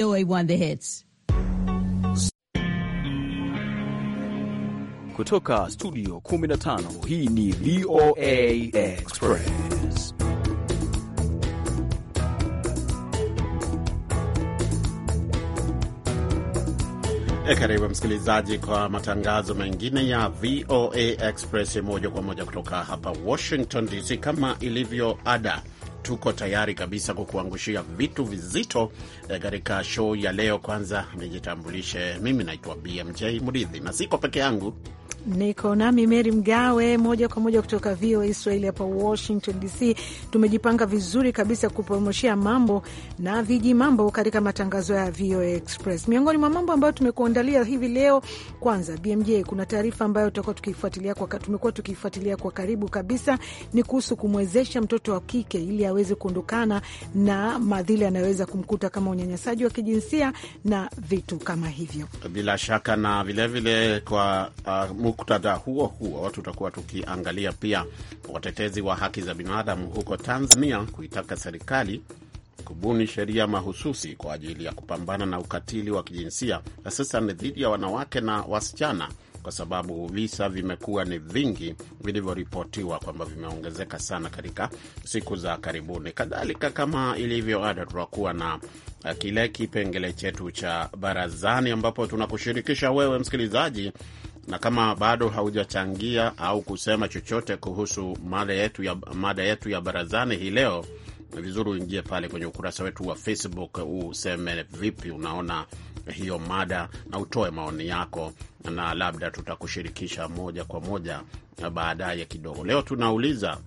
VOA1 The Hits. Kutoka studio 15 hii ni VOA Express. E, karibu msikilizaji kwa matangazo mengine ya VOA Express moja kwa moja kutoka hapa Washington DC, kama ilivyo ada tuko tayari kabisa kukuangushia vitu vizito eh, katika show ya leo. Kwanza nijitambulishe, mimi naitwa BMJ Mridhi na siko peke yangu Niko nami Meri Mgawe moja kwa moja kutoka VOA Swahili hapa Washington DC. Tumejipanga vizuri kabisa kupromoshia mambo na viji mambo katika matangazo ya VOA Express. Miongoni mwa mambo ambayo tumekuandalia hivi leo, kwanza BMJ, kuna taarifa ambayo tutakuwa tukifuatilia kwa, tumekuwa tukifuatilia kwa karibu kabisa, ni kuhusu kumwezesha mtoto wa kike ili aweze kuondokana na madhila yanayoweza kumkuta kama unyanyasaji wa kijinsia na vitu kama hivyo, bila shaka na vilevile vile kwa uh, muktadha huo huo, tutakuwa tukiangalia pia watetezi wa haki za binadamu huko Tanzania kuitaka serikali kubuni sheria mahususi kwa ajili ya kupambana na ukatili wa kijinsia hususan dhidi ya wanawake na wasichana, kwa sababu visa vimekuwa ni vingi vilivyoripotiwa kwamba vimeongezeka sana katika siku za karibuni. Kadhalika, kama ilivyo ada, tutakuwa na kile kipengele chetu cha barazani, ambapo tunakushirikisha wewe msikilizaji na kama bado haujachangia au kusema chochote kuhusu mada yetu ya, mada yetu ya barazani hii leo, vizuri uingie pale kwenye ukurasa wetu wa Facebook useme vipi unaona hiyo mada na utoe maoni yako, na labda tutakushirikisha moja kwa moja baadaye kidogo. Leo tunauliza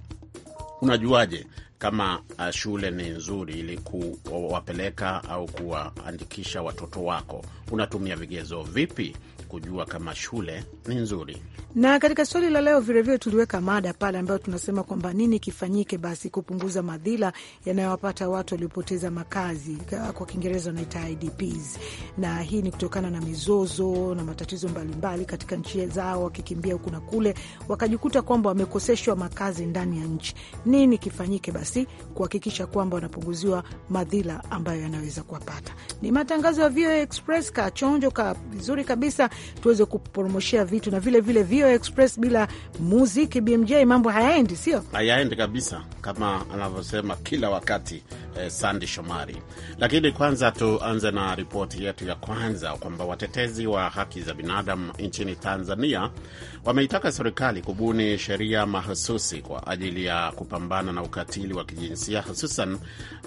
unajuaje kama uh, shule ni nzuri ili kuwapeleka au kuwaandikisha watoto wako? Unatumia vigezo vipi? kujua kama shule ni nzuri. Na katika swali la leo vilevile tuliweka mada pale ambayo tunasema kwamba nini kifanyike basi kupunguza madhila yanayowapata watu waliopoteza makazi, kwa Kiingereza wanaita IDPs, na hii ni kutokana na mizozo na matatizo mbalimbali katika nchi zao, wakikimbia huku na kule, wakajikuta kwamba wamekoseshwa makazi ndani ya nchi. Nini kifanyike basi kuhakikisha kwamba wanapunguziwa madhila ambayo yanaweza kuwapata? Ni matangazo ya VOA Express. Kachonjo ka vizuri kabisa tuweze kupromoshea vitu na vile vile VOA Express bila muziki BMJ mambo hayaendi, sio hayaendi kabisa, kama anavyosema kila wakati eh, Sandi Shomari. Lakini kwanza tuanze na ripoti yetu ya kwanza kwamba watetezi wa haki za binadamu nchini Tanzania wameitaka serikali kubuni sheria mahususi kwa ajili ya kupambana na ukatili wa kijinsia hususan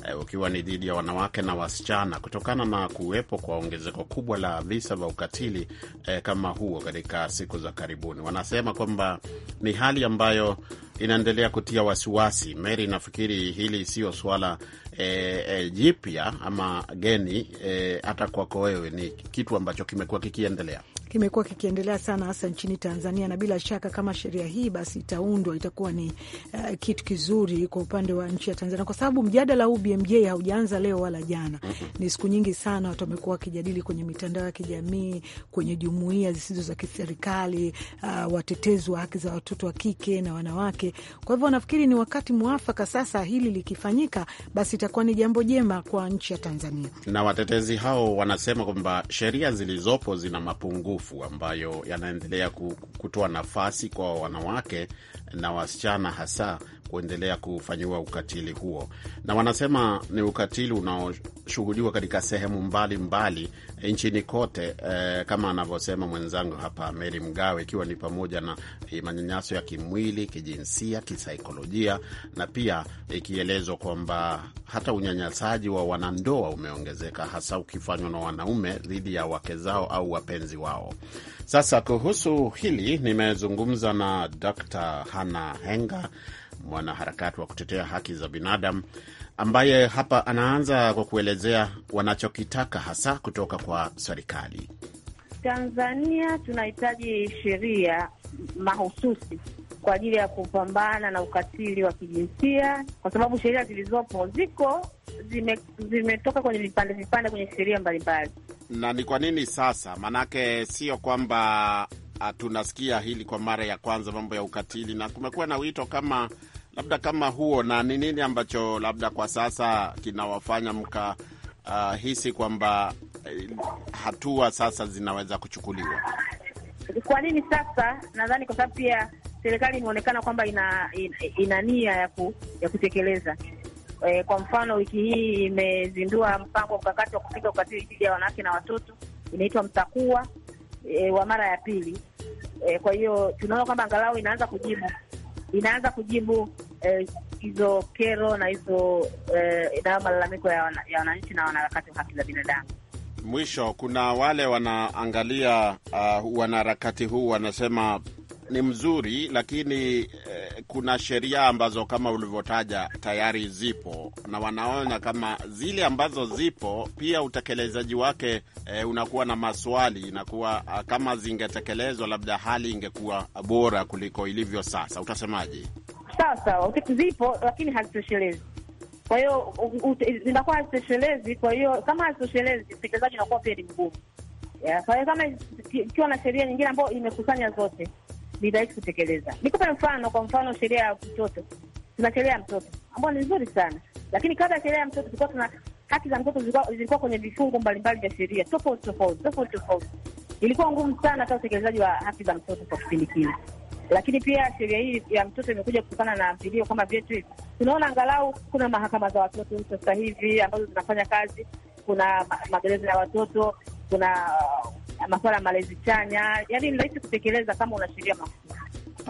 eh, ukiwa ni dhidi ya wanawake na wasichana kutokana na kuwepo kwa ongezeko kubwa la visa vya ukatili eh, kama huo katika siku za karibuni. Wanasema kwamba ni hali ambayo inaendelea kutia wasiwasi. Mary, nafikiri hili siyo swala eh, eh, jipya ama geni eh, hata kwako wewe, ni kitu ambacho kimekuwa kikiendelea kimekuwa kikiendelea sana hasa nchini Tanzania, na bila shaka kama sheria hii basi itaundwa itakuwa ni uh, kitu kizuri kwa upande wa nchi ya Tanzania, kwa sababu mjadala huu BMJ haujaanza leo wala jana, mm-hmm. ni siku nyingi sana watu wamekuwa wakijadili kwenye mitandao ya kijamii, kwenye jumuia zisizo za kiserikali, uh, watetezi wa haki za watoto wa kike na wanawake. Kwa hivyo nafikiri ni wakati mwafaka sasa, hili likifanyika, basi itakuwa ni jambo jema kwa nchi ya Tanzania. Na watetezi hao wanasema kwamba sheria zilizopo zina mapungufu maarufu ambayo yanaendelea kutoa nafasi kwa wanawake na wasichana hasa kuendelea kufanyiwa ukatili huo, na wanasema ni ukatili unaoshuhudiwa katika sehemu mbalimbali nchini kote, eh, kama anavyosema mwenzangu hapa Meri Mgawe, ikiwa ni pamoja na eh, manyanyaso ya kimwili, kijinsia, kisaikolojia na pia ikielezwa eh, kwamba hata unyanyasaji wa wanandoa umeongezeka, hasa ukifanywa na wanaume dhidi ya wake zao au wapenzi wao. Sasa kuhusu hili nimezungumza na Dr. Hana Henga mwanaharakati wa kutetea haki za binadamu, ambaye hapa anaanza kwa kuelezea wanachokitaka hasa kutoka kwa serikali. Tanzania tunahitaji sheria mahususi kwa ajili ya kupambana na ukatili wa kijinsia, kwa sababu sheria zilizopo ziko zimetoka zime kwenye vipande vipande kwenye sheria mbalimbali. Na ni kwa nini sasa? Maanake sio kwamba ah, tunasikia hili kwa mara ya kwanza, mambo ya ukatili, na kumekuwa na wito kama labda kama huo, na ni nini ambacho labda kwa sasa kinawafanya mka uh, hisi kwamba uh, hatua sasa zinaweza kuchukuliwa? Kwa nini sasa? Nadhani kwa sababu pia serikali imeonekana kwamba ina, ina, ina nia ya, ku, ya kutekeleza e, kwa mfano wiki hii imezindua mpango wa mkakati wa kupiga ukatili dhidi ya wanawake na watoto inaitwa Mtakuwa e, eh, wa mara ya pili e, kwa hiyo tunaona kwamba angalau inaanza kujibu inaanza kujibu Eh, hizo eh, kero na hizo eh, na malalamiko ya wananchi na wanaharakati wa haki za binadamu. Mwisho, kuna wale wanaangalia uh, wanaharakati huu wanasema ni mzuri lakini eh, kuna sheria ambazo kama ulivyotaja tayari zipo na wanaona kama zile ambazo zipo pia utekelezaji wake eh, unakuwa na maswali, inakuwa uh, kama zingetekelezwa labda hali ingekuwa bora kuliko ilivyo sasa. Utasemaje? sawa sawa, zipo lakini hazitoshelezi. Kwa hiyo zinakuwa hazitoshelezi, kwa hiyo kama hazitoshelezi, utekelezaji unakuwa pia ni mgumu. Kwa hiyo kama ikiwa na sheria nyingine ambayo imekusanya zote, ni rahisi kutekeleza. Nikupe mfano, kwa mfano sheria ya mtoto, tuna sheria ya mtoto ambayo ni nzuri sana, lakini kabla ya sheria ya mtoto tulikuwa tuna haki za mtoto zilikuwa kwenye vifungu mbalimbali vya sheria tofauti tofauti tofauti tofauti. Ilikuwa ngumu sana hata utekelezaji wa haki za mtoto kwa kipindi kile. Lakini pia sheria hii ya mtoto imekuja kutokana na vilio kama vyetu hivi. Tunaona angalau kuna mahakama za watoto sasa hivi ambazo zinafanya kazi, kuna magereza ya watoto, kuna uh, masuala ya malezi chanya, yaani ni rahisi kutekeleza kama una sheria mahususi.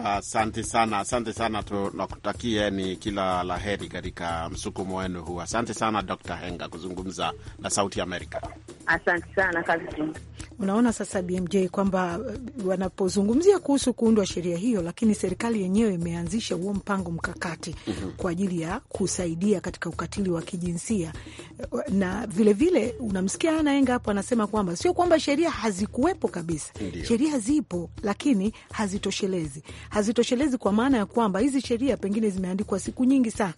Asante uh, sana, asante sana, tunakutakia ni kila la heri katika msukumo wenu huu. Asante sana Dr. Henga kuzungumza na Sauti Amerika. Asante sana kazi. Unaona sasa BMJ kwamba uh, wanapozungumzia kuhusu kuundwa sheria hiyo, lakini serikali yenyewe imeanzisha huo mpango mkakati mm -hmm. kwa ajili ya kusaidia katika ukatili wa kijinsia uh, na vilevile vile, unamsikia Enga hapo anasema kwamba sio kwamba sheria hazikuwepo kabisa. Ndiyo. Sheria zipo lakini hazitoshelezi, hazitoshelezi kwa maana ya kwamba hizi sheria pengine zimeandikwa siku nyingi sana,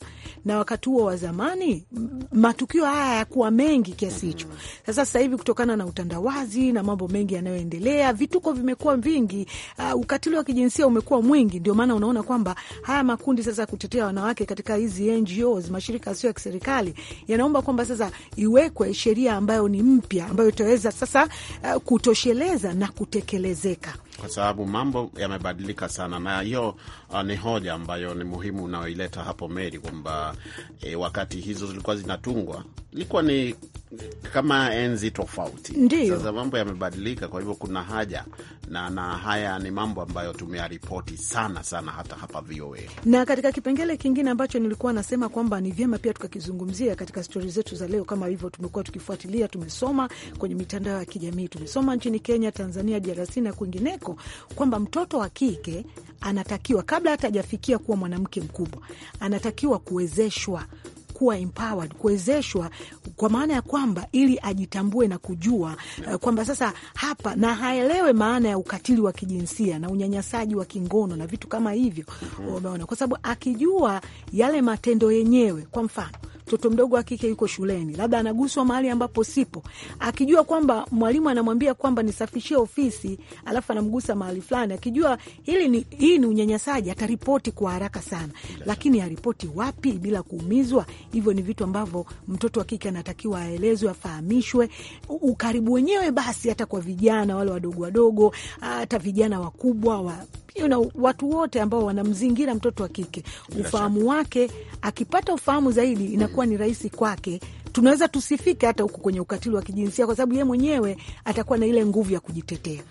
na wakati huo wa zamani matukio haya yakuwa mengi kiasi hicho. mm Sasa sasa hivi kutokana na utandawazi na mambo mengi yanayoendelea, vituko vimekuwa vingi, uh, ukatili wa kijinsia umekuwa mwingi. Ndio maana unaona kwamba haya makundi sasa kutetea wanawake katika hizi NGOs, mashirika yasiyo ya kiserikali yanaomba kwamba sasa iwekwe sheria ambayo ni mpya ambayo itaweza sasa uh, kutosheleza na kutekelezeka kwa sababu mambo yamebadilika sana, na hiyo uh, ni hoja ambayo ni muhimu unaoileta hapo Meri, kwamba e, wakati hizo zilikuwa zinatungwa ilikuwa ni kama enzi tofauti. Ndiyo. Sasa mambo yamebadilika, kwa hivyo kuna haja na, na haya ni mambo ambayo tumeyaripoti sana sana hata hapa VOA, na katika kipengele kingine ambacho nilikuwa nasema kwamba ni vyema pia tukakizungumzia katika stori zetu za leo, kama hivyo tumekuwa tukifuatilia, tumesoma kwenye mitandao ya kijamii, tumesoma nchini Kenya, Tanzania, DRC na kwingineko yako kwamba mtoto wa kike anatakiwa kabla hata hajafikia kuwa mwanamke mkubwa anatakiwa kuwezeshwa kuwa empowered, kuwezeshwa kwa maana ya kwamba ili ajitambue na kujua uh, kwamba sasa hapa na haelewe maana ya ukatili wa kijinsia na unyanyasaji wa kingono na vitu kama hivyo, mhm. umeona. Kwa sababu akijua yale matendo yenyewe, kwa mfano mtoto mdogo wa kike yuko shuleni, labda anaguswa mahali ambapo sipo, akijua kwamba mwalimu anamwambia kwamba nisafishie ofisi, alafu anamgusa mahali fulani, akijua hili ni, hii ni unyanyasaji, ataripoti kwa haraka sana. Lakini aripoti wapi bila kuumizwa? Hivyo ni vitu ambavyo mtoto wa kike anatakiwa aelezwe, afahamishwe ukaribu wenyewe, basi hata kwa vijana wale wadogo wadogo, hata vijana wakubwa wa you know, watu wote ambao wanamzingira mtoto wa kike, ufahamu wake, akipata ufahamu zaidi inakuwa ni rahisi kwake tunaweza tusifike hata huku kwenye ukatili wa kijinsia kwa sababu yeye mwenyewe atakuwa na ile nguvu ya kujitetea.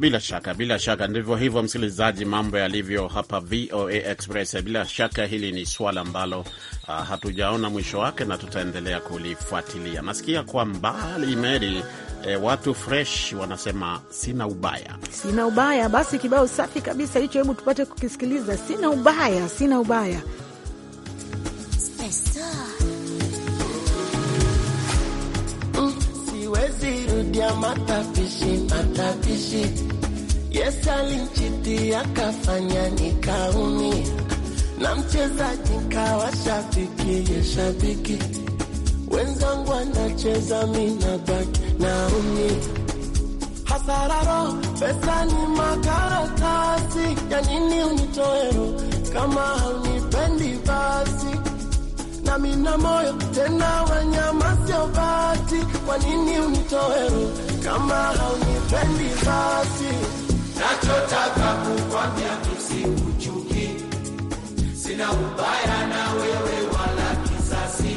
Bila shaka, bila shaka, ndivyo hivyo, msikilizaji, mambo yalivyo hapa VOA Express. Bila shaka hili ni swala ambalo uh, hatujaona mwisho wake na tutaendelea kulifuatilia. Nasikia kwa mbali Meri, eh, watu fresh wanasema sina ubaya, sina ubaya. Basi kibao safi kabisa hicho, hebu tupate kukisikiliza. Sina ubaya, sina ubaya siwezi rudia matapishi matapishi. Yesu alinchitia kafanya nikaumia, na mchezaji nkawa shabiki ya shabiki, wenzangu anacheza minabaki naumia Sararo, pesa ni makaratasi, ya nini unitoero kama haunipendi basi mina moyo tena, wanyama sio bati. Kwa nini unitoe kama haunipendi? Basi nachotaka kukwambia tusikuchuki, sina ubaya na wewe wala kisasi,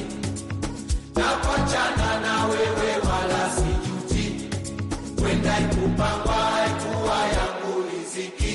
nakwachana na wewe wala sijuti, wenda ikupangwa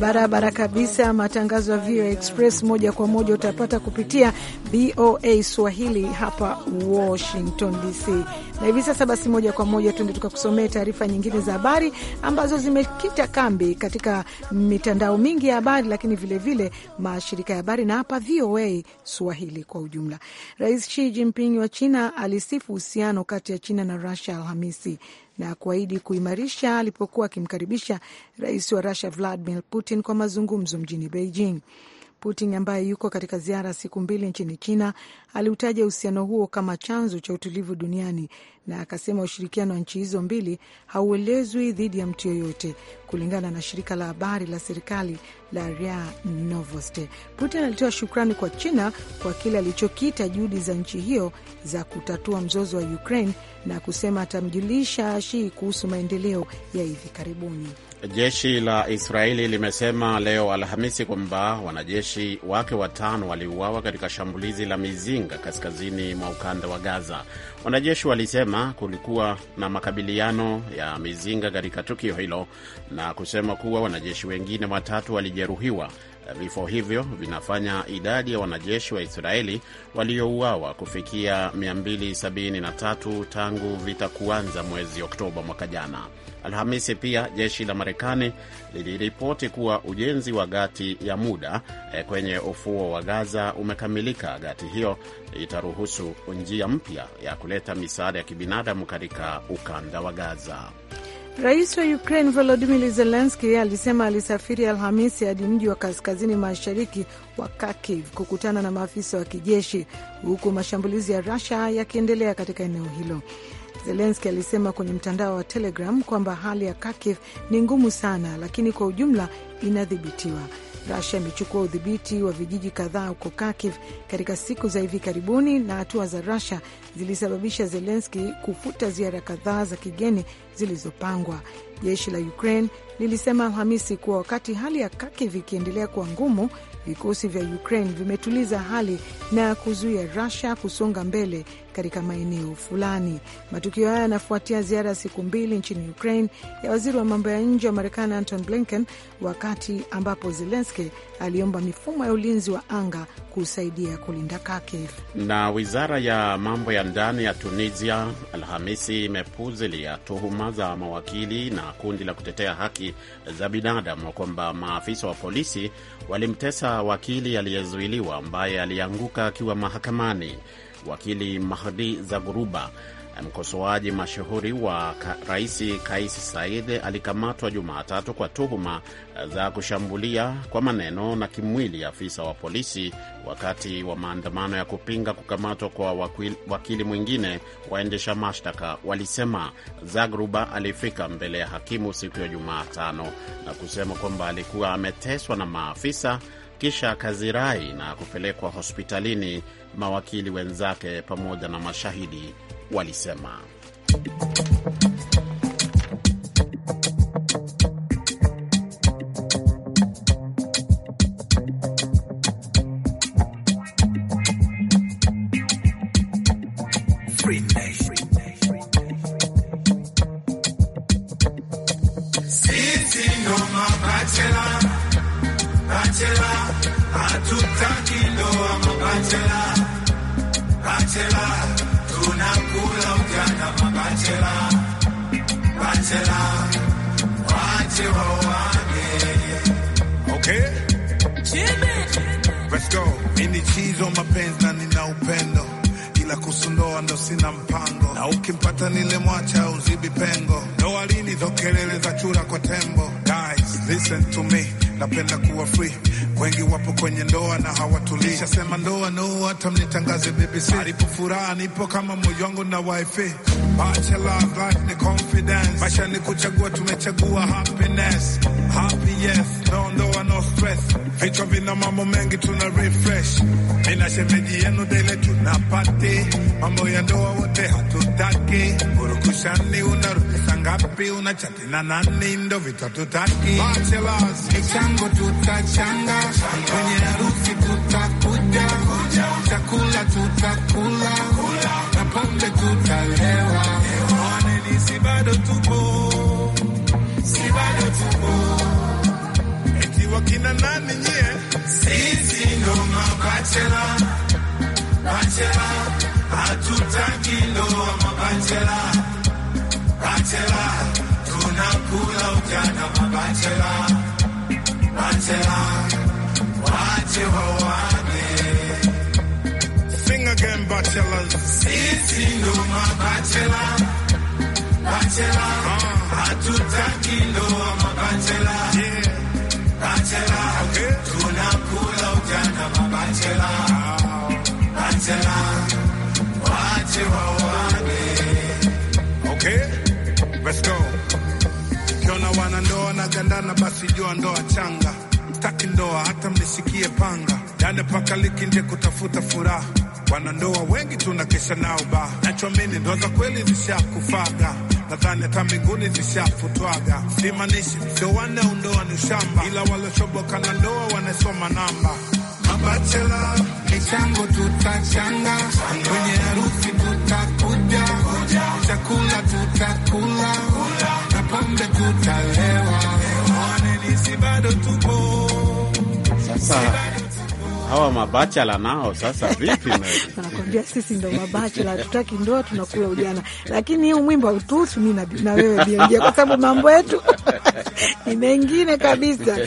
barabara kabisa. Matangazo ya VOA Express moja kwa moja utapata kupitia VOA Swahili hapa Washington DC, na hivi sasa basi, moja kwa moja tuende tukakusomea taarifa nyingine za habari ambazo zimekita kambi katika mitandao mingi ya habari, lakini vilevile vile mashirika ya habari na hapa VOA Swahili kwa ujumla. Rais Xi Jinping wa China alisifu uhusiano kati ya China na Rusia Alhamisi na kuahidi kuimarisha alipokuwa akimkaribisha rais wa Rusia Vladimir Putin kwa mazungumzo mjini Beijing. Putin ambaye yuko katika ziara siku mbili nchini China aliutaja uhusiano huo kama chanzo cha utulivu duniani na akasema ushirikiano wa nchi hizo mbili hauelezwi dhidi ya mtu yoyote, kulingana na shirika la habari la serikali la RIA Novosti. Putin alitoa shukrani kwa China kwa kile alichokita juhudi za nchi hiyo za kutatua mzozo wa Ukraine na kusema atamjulisha Shii kuhusu maendeleo ya hivi karibuni. Jeshi la Israeli limesema leo Alhamisi kwamba wanajeshi wake watano waliuawa katika shambulizi la mizinga kaskazini mwa ukanda wa Gaza. Wanajeshi walisema kulikuwa na makabiliano ya mizinga katika tukio hilo na kusema kuwa wanajeshi wengine watatu walijeruhiwa Eh, vifo hivyo vinafanya idadi ya wanajeshi wa Israeli waliouawa kufikia 273 tangu vita kuanza mwezi Oktoba mwaka jana. Alhamisi pia jeshi la Marekani liliripoti kuwa ujenzi wa gati ya muda eh, kwenye ufuo wa Gaza umekamilika. Gati hiyo itaruhusu njia mpya ya kuleta misaada ya kibinadamu katika ukanda wa Gaza. Rais wa Ukraine Volodimir Zelenski alisema alisafiri Alhamisi hadi mji wa kaskazini mashariki wa Kakiv kukutana na maafisa wa kijeshi huku mashambulizi ya Russia yakiendelea katika eneo hilo. Zelenski alisema kwenye mtandao wa Telegram kwamba hali ya Kharkiv ni ngumu sana, lakini kwa ujumla inadhibitiwa. Rusia imechukua udhibiti wa vijiji kadhaa huko Kharkiv katika siku za hivi karibuni, na hatua za Rusia zilisababisha Zelenski kufuta ziara kadhaa za kigeni zilizopangwa. Jeshi la Ukraine lilisema Alhamisi kuwa wakati hali ya Kharkiv ikiendelea kuwa ngumu Vikosi vya Ukraine vimetuliza hali na kuzuia Russia kusonga mbele katika maeneo fulani. Matukio haya yanafuatia ziara ya siku mbili nchini Ukraine ya waziri wa mambo ya nje wa Marekani Anton Blinken, wakati ambapo Zelenski aliomba mifumo ya ulinzi wa anga kusaidia kulinda Kharkiv. Na wizara ya mambo ya ndani ya Tunisia Alhamisi imepuzilia tuhuma za mawakili na kundi la kutetea haki za binadamu kwamba maafisa wa polisi walimtesa wakili aliyezuiliwa ambaye alianguka akiwa mahakamani. Wakili Mahdi Zaguruba, mkosoaji mashuhuri wa ka, Rais Kais Saied alikamatwa Jumatatu kwa tuhuma za kushambulia kwa maneno na kimwili afisa wa polisi wakati wa maandamano ya kupinga kukamatwa kwa wakili, wakili mwingine. Waendesha mashtaka walisema Zagruba alifika mbele ya hakimu siku ya Jumatano na kusema kwamba alikuwa ameteswa na maafisa kisha akazirai na kupelekwa hospitalini, mawakili wenzake pamoja na mashahidi walisema. lini hizo kelele za chura kwa tembo? Guys, listen to me napenda kuwa free. Wengi wapo kwenye ndoa na hawatulii, shasema ndoa no, hata mnitangaze BBC. Alipo furaha nipo kama moyo wangu na wife, bachelor black the confidence, maisha ni kuchagua, tumechagua happiness, happy yes, no ndoa no stress, vichwa vina mambo mengi, tuna refresh. Mina shemeji yenu dele, tuna party, mambo ya ndoa, wote hatutaki urukushani, unarudisha ngapi? Unachatina nani? Ndo vitu hatutaki bachelors kitambo tutachanga, kwenye harusi tutakuja, chakula tutakula na pombe tutalewa. Mwaneni, si bado tupo, si bado tupo, eti wakina nani nyie? Sisi ndo mabachela, bachela, hatutaki ndoa mabachela, bachela, tunakula ujana mabachela sisi ndo mabachela Ukiona wanandoa na gandana, basi jua ndoa changa hataki ndoa hata mnisikie panga yane paka likinde kutafuta furaha. Wanandoa wengi tunakesha nao ba nachwamini ndoa za kweli zishakufaga nadhani hata mbinguni zishafutwaga. simanishi sowane undoa ni ushamba, ila walochoboka na ndoa wanasoma namba. Mabachela michango tutachanga kwenye harusi sasa hawa mabachela nao sasa vipi? Nakwambia sisi ndo mabachela, tutaki ndoa, tunakula ujana. Lakini huu mwimbo hautuhusu mi na wewe Biongia, kwa sababu mambo yetu ni mengine kabisa.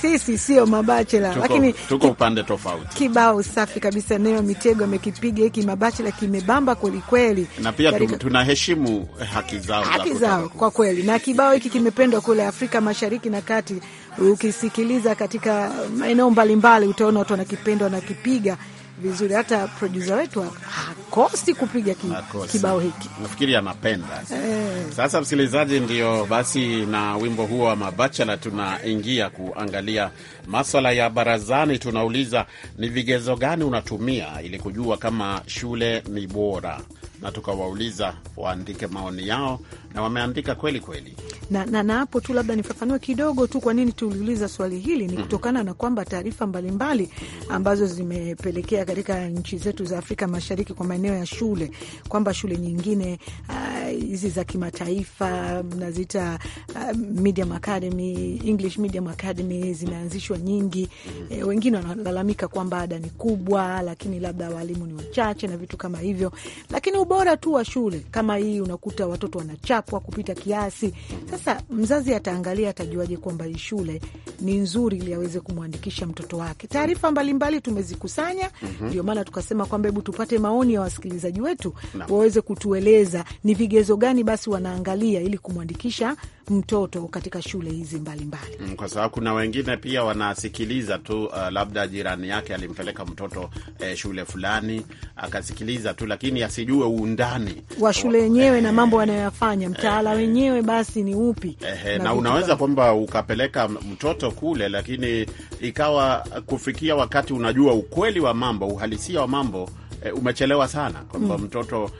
Sisi sio mabachela, lakini tuko upande tofauti. Kibao safi kabisa, Neo Mitego amekipiga hiki. Mabachela kimebamba kwelikweli, na pia Karika... tunaheshimu haki zao, haki zao kwa kweli, na kibao hiki kimependwa kule Afrika Mashariki na Kati ukisikiliza katika maeneo mbalimbali, utaona watu wanakipenda, wanakipiga vizuri hata produsa wetu hakosi kupiga ki, kibao hiki nafikiri anapenda. eh. Sasa msikilizaji, ndio basi, na wimbo huo wa mabachela tunaingia kuangalia maswala ya barazani. Tunauliza, ni vigezo gani unatumia ili kujua kama shule ni bora na tukawauliza waandike maoni yao, na wameandika kweli kweli. Na, na, na hapo tu labda nifafanue kidogo tu kwa nini tuliuliza swali hili. Ni mhm. kutokana na kwamba taarifa mbalimbali ambazo zimepelekea katika nchi zetu za Afrika Mashariki kwa maeneo ya shule kwamba shule nyingine uh, hizi uh, za kimataifa mnaziita uh, Medium Academy, English Medium Academy zimeanzishwa nyingi. E, wengine wanalalamika kwamba ada ni kubwa, lakini labda walimu ni wachache na vitu kama hivyo, lakini ubora tu wa shule kama hii, unakuta watoto wanachapwa kupita kiasi. Sasa mzazi ataangalia, atajuaje kwamba hii shule ni nzuri ili aweze kumwandikisha mtoto wake? Taarifa mbalimbali tumezikusanya, mhm. ndio mm -hmm. maana tukasema kwamba hebu tupate maoni ya wasikilizaji wetu no. waweze kutueleza ni vigezo gani basi wanaangalia ili kumwandikisha mtoto katika shule hizi mbalimbali mbali. Mm, kwa sababu kuna wengine pia wanasikiliza tu uh, labda jirani yake alimpeleka mtoto eh, shule fulani akasikiliza tu, lakini asijue uundani wa shule yenyewe eh, na mambo wanayoyafanya mtaala eh, wenyewe basi ni upi eh, na, na unaweza kwamba ukapeleka mtoto kule, lakini ikawa kufikia wakati unajua ukweli wa mambo, uhalisia wa mambo eh, umechelewa sana kwamba mm. mtoto uh,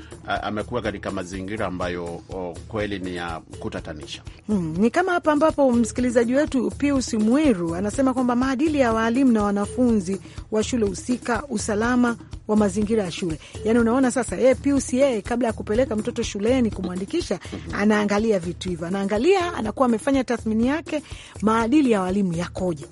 amekuwa katika mazingira ambayo oh, kweli ni ya kutatanisha mm. Ni kama hapa ambapo msikilizaji wetu Pius mwiru anasema kwamba maadili ya waalimu na wanafunzi wa shule husika, usalama wa mazingira ya shule. Yani unaona sasa, yeye eh, Pius yeye eh, kabla ya kupeleka mtoto shuleni kumwandikisha, anaangalia vitu hivyo, anaangalia, anakuwa amefanya tathmini yake, maadili ya waalimu yakoje,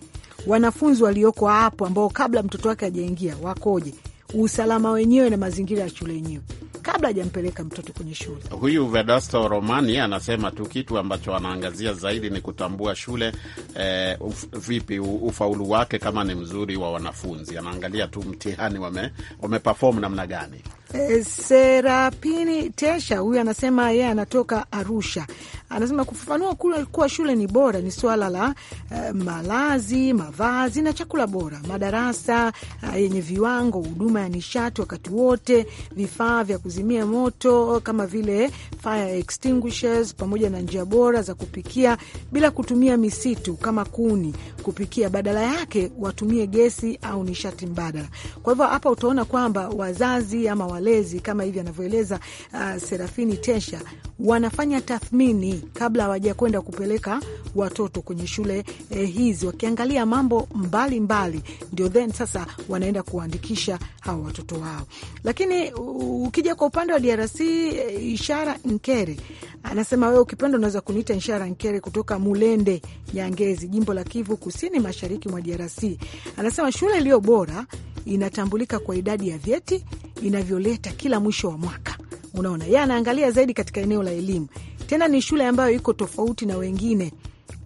wanafunzi walioko hapo ambao kabla mtoto wake ajaingia wakoje usalama wenyewe na mazingira ya shule yenyewe kabla hajampeleka mtoto kwenye shule. Huyu Vedasto Romani anasema tu kitu ambacho anaangazia zaidi ni kutambua shule eh, uf, vipi ufaulu wake kama ni mzuri wa wanafunzi. Anaangalia tu mtihani wame, wameperform namna gani. E, Serapini Tesha huyu anasema yeye yeah, anatoka Arusha. Anasema kufafanua kuwa shule ni bora ni suala la uh, malazi, mavazi na chakula bora, madarasa uh, yenye viwango, huduma ya nishati wakati wote, vifaa vya kuzi kuzimia moto kama vile fire extinguishers, pamoja na njia bora za kupikia bila kutumia misitu kama kuni kupikia, badala yake watumie gesi au nishati mbadala. Kwa hivyo hapa utaona kwamba wazazi ama walezi kama hivi anavyoeleza uh, Serafini Tesha wanafanya tathmini kabla hawaja kwenda kupeleka watoto kwenye shule eh, hizi wakiangalia mambo mbalimbali, ndio then sasa wanaenda kuwaandikisha hawa watoto wao, lakini ukija kwa upande wa DRC, eh, Ishara Nkere anasema wewe ukipenda unaweza kuniita Ishara Nkere kutoka Mulende Nyangezi, jimbo la Kivu Kusini, mashariki mwa DRC. Anasema shule iliyo bora inatambulika kwa idadi ya vyeti inavyoleta kila mwisho wa mwaka. Unaona, yeye anaangalia zaidi katika eneo la elimu, tena ni shule ambayo iko tofauti na wengine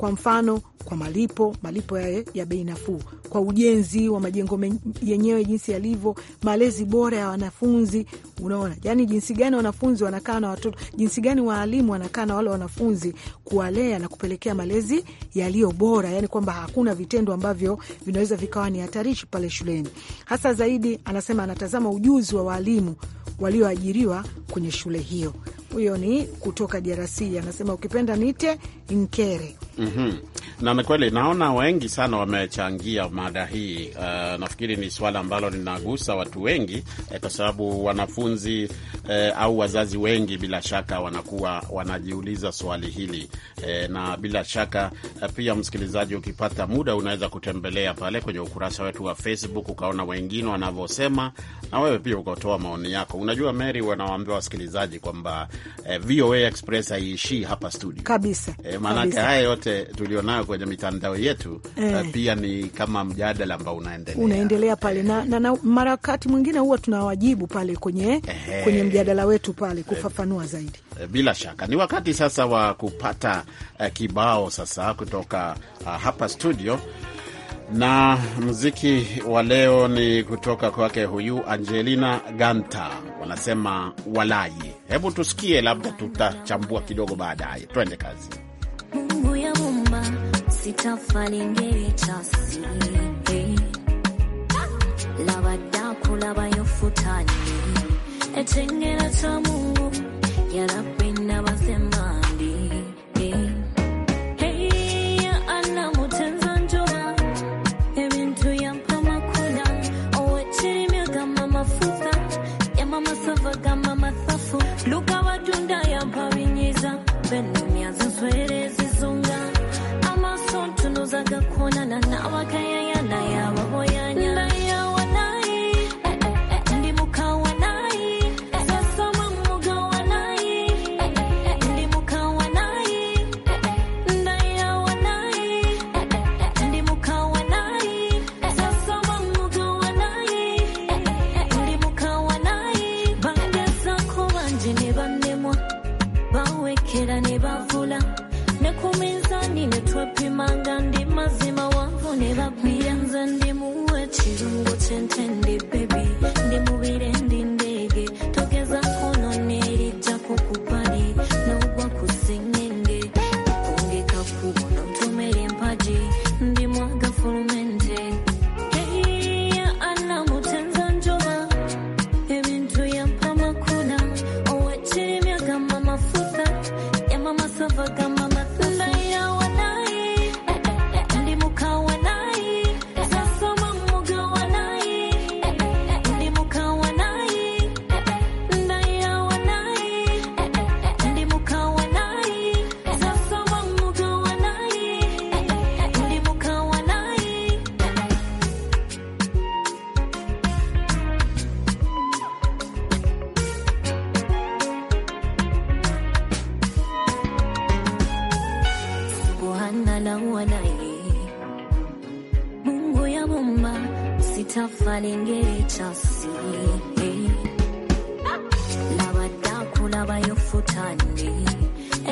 kwa mfano kwa malipo, malipo ya, ya bei nafuu, kwa ujenzi wa majengo yenyewe jinsi yalivyo, malezi bora ya wanafunzi. Unaona yani jinsi gani wanafunzi wanakaa na watoto, jinsi gani waalimu wanakaa na wale wanafunzi, kuwalea na kupelekea malezi yaliyo bora, yani kwamba hakuna vitendo ambavyo vinaweza vikawa ni hatarishi pale shuleni. Hasa zaidi, anasema anatazama ujuzi wa waalimu walioajiriwa kwenye shule hiyo. Huyo ni kutoka DRC, anasema ukipenda nite Nkere. mm -hmm. Na ni kweli naona wengi sana wamechangia mada hii. Uh, nafikiri ni suala ambalo linagusa watu wengi eh, kwa sababu wanafunzi eh, au wazazi wengi bila shaka wanakuwa wanajiuliza swali hili eh, na bila shaka eh, pia msikilizaji, ukipata muda unaweza kutembelea pale kwenye ukurasa wetu wa Facebook ukaona wengine wanavyosema na wewe pia ukatoa maoni yako una unajua Mary, wanawaambia wasikilizaji kwamba eh, VOA Express haiishii hapa studio kabisa eh, maanake haya yote tulionayo kwenye mitandao yetu eh, eh, pia ni kama mjadala ambao unaendelea unaendelea pale eh, na, na, na mara wakati mwingine huwa tunawajibu pale kwenye, eh, kwenye mjadala wetu pale kufafanua eh, zaidi bila shaka ni wakati sasa wa kupata eh, kibao sasa kutoka ah, hapa studio na muziki wa leo ni kutoka kwake huyu Angelina Ganta, wanasema walaye Hebu tusikie, labda tutachambua kidogo baadaye. Twende kazi. Mungu ya mumba Mungu Geneva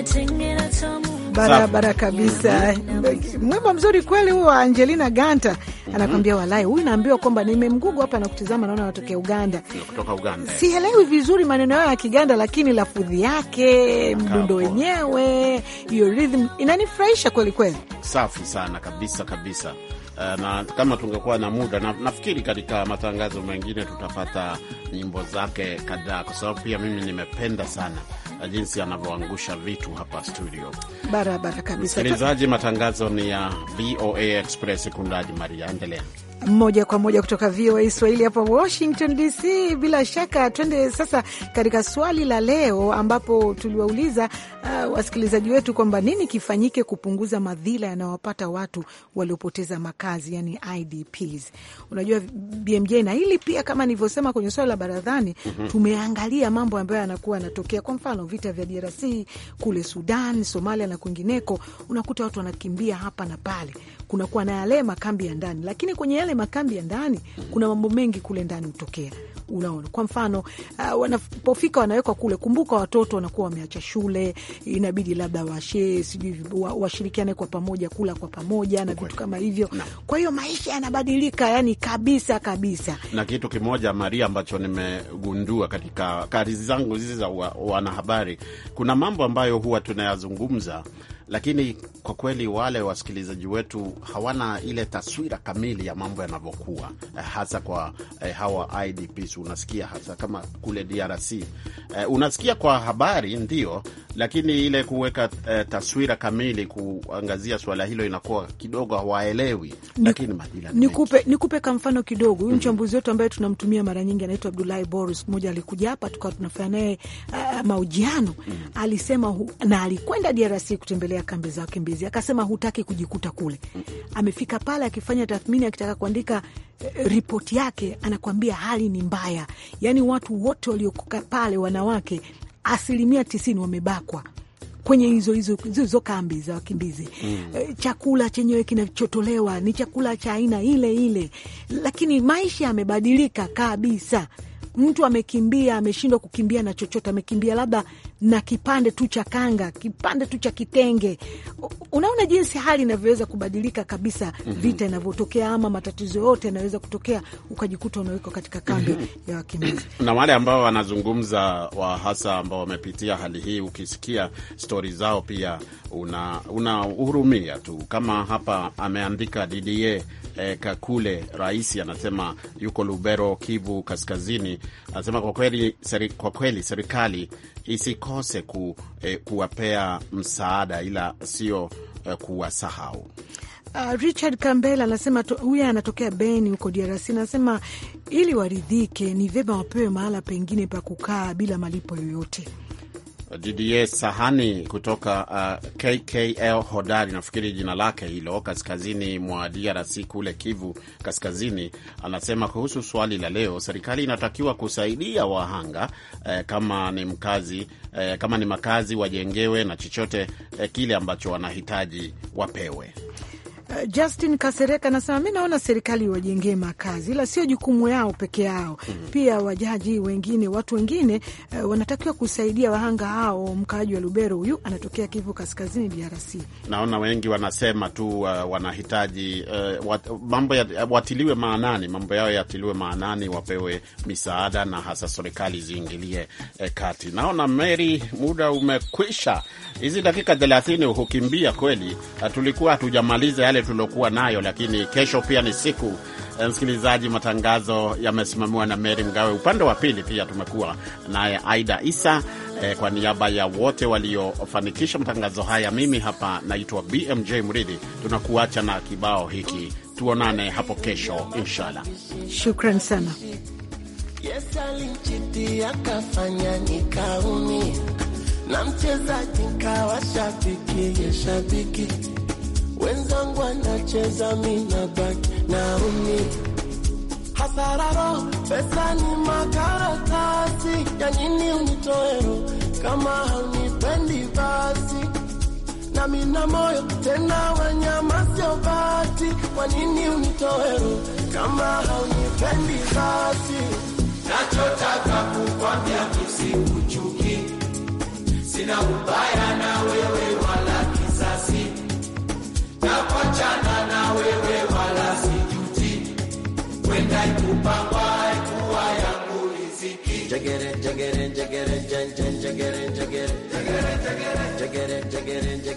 etengera tamu barabara kabisa. Mwimbo mzuri kweli huo wa Angelina Ganta mhm. anakwambia walai, huyu naambiwa kwamba nimemgugu hapa na kutizama, naona anatokea Uganda, kutoka Uganda. Sielewi vizuri maneno yao ya Kiganda, lakini lafudhi yake, mdundo wenyewe, hiyo rhythm inanifurahisha kweli kweli. Safi sana kabisa kabisa. Eh, na kama tungekuwa na muda na, nafikiri katika matangazo mengine tutapata nyimbo zake kadhaa, kwa sababu pia mimi nimependa sana jinsi anavyoangusha vitu hapa studio barabara kabisa. Msikilizaji, matangazo ni ya VOA Express. Kundaji Maria, endelea moja kwa moja kutoka VOA Swahili hapa Washington DC. Bila shaka, twende sasa katika swali la leo, ambapo tuliwauliza uh, wasikilizaji wetu kwamba nini kifanyike kupunguza madhila yanayowapata watu waliopoteza makazi, yani IDPs. Unajua BMJ, na hili pia kama nilivyosema kwenye swali la baradhani, mm -hmm. tumeangalia mambo ambayo yanakuwa yanatokea, kwa mfano vita vya DRC kule Sudan, Somalia na kwingineko, unakuta watu wanakimbia hapa na pale kunakuwa na yale makambi ya ndani, lakini kwenye yale makambi ya ndani kuna mambo mengi kule ndani hutokea. Unaona, kwa mfano uh, wanapofika wanawekwa kule. Kumbuka watoto wanakuwa wameacha shule, inabidi labda washe sijui washirikiane kwa pamoja, kula kwa pamoja na vitu kama hivyo. Kwa hiyo maisha yanabadilika, yani kabisa kabisa. Na kitu kimoja Maria, ambacho nimegundua katika kazi zangu hizi za wanahabari, kuna mambo ambayo huwa tunayazungumza lakini kwa kweli wale wasikilizaji wetu hawana ile taswira kamili ya mambo yanavyokuwa, eh, hasa kwa eh, hawa IDPs. Unasikia hasa kama kule DRC eh, unasikia kwa habari ndio, lakini ile kuweka eh, taswira kamili kuangazia swala hilo inakuwa kidogo hawaelewi. Lakini madila nikupe, nikupe ka mfano kidogo. Huyu mhm. mchambuzi mm -hmm. wetu ambaye tunamtumia mara nyingi anaitwa Abdulahi Boris, mmoja alikuja hapa tukawa tunafanya naye uh, mahojiano mm. -hmm. Alisema hu, na alikwenda DRC kutembelea ya kambi za wakimbizi, akasema hutaki kujikuta kule. Amefika pale akifanya tathmini, akitaka kuandika eh, ripoti yake, anakuambia hali ni mbaya, yaani watu wote waliokoka pale, wanawake asilimia tisini wamebakwa kwenye hizo hizo hizo kambi za wakimbizi mm. Eh, chakula chenyewe kinachotolewa ni chakula cha aina ile ile, lakini maisha yamebadilika kabisa mtu amekimbia, ameshindwa kukimbia na chochote, amekimbia labda na kipande tu cha kanga, kipande tu cha kitenge. Unaona jinsi hali inavyoweza kubadilika kabisa, mhm. vita inavyotokea ama matatizo yote yanaweza kutokea, ukajikuta unawekwa katika kambi mhm. ya wakimbizi. Na wale ambao wanazungumza wa hasa ambao wamepitia hali hii, ukisikia stori zao pia unahurumia una tu, kama hapa ameandika DDA eh, Kakule, rais anasema yuko Lubero, Kivu Kaskazini, anasema kwa kweli, seri, kwa kweli serikali isikose ku, eh, kuwapea msaada ila sio eh, kuwasahau. Uh, Richard Kambela anasema huyu anatokea Beni huko DRC, anasema ili waridhike ni vyema wapewe mahala pengine pa kukaa bila malipo yoyote. Didier Sahani kutoka uh, KKL Hodari, nafikiri jina lake hilo, kaskazini mwa DRC kule Kivu Kaskazini, anasema kuhusu swali la leo, serikali inatakiwa kusaidia wahanga eh, kama ni mkazi eh, kama ni makazi wajengewe na chochote eh, kile ambacho wanahitaji wapewe. Eh, Justin Kasereka anasema mi naona serikali wajengee makazi, ila sio jukumu yao peke yao mm -hmm. Pia wajaji wengine, watu wengine uh, wanatakiwa kusaidia wahanga hao. Mkaaji wa Lubero huyu anatokea Kivu Kaskazini, DRC. Naona wengi wanasema tu uh, wanahitaji uh, wat, mambo ya, watiliwe maanani, mambo yao yatiliwe maanani, wapewe misaada na hasa serikali ziingilie eh, kati. Naona Mary, muda umekwisha, hizi dakika thelathini hukimbia kweli. Uh, tulikuwa hatujamaliza yale chache tuliokuwa nayo, lakini kesho pia ni siku eh, msikilizaji. Matangazo yamesimamiwa na Meri Mgawe, upande wa pili pia tumekuwa naye Aida Isa. Eh, kwa niaba ya wote waliofanikisha matangazo haya, mimi hapa naitwa BMJ Mridhi. Tunakuacha na kibao hiki, tuonane hapo kesho inshallah. Shukran sana. Yes, alinchiti akafanya na mchezaji nkawa shabiki shabiki nacheza mina baki na umi hasararo pesa ni makaratasi ya nini unitoero kama haunipendi basi na mina moyo tena wanyama sio bati, kwa nini unitoero kama haunipendi basi? Nachotaka kukwambia, nisikuchuki, sina ubaya na wewe wala Takwachana na wewe wala sijuti, wenda ikupangwa haikuwa yangu riziki. Jegere jegere jegere jen jen jegere jegere jegere jegere jegere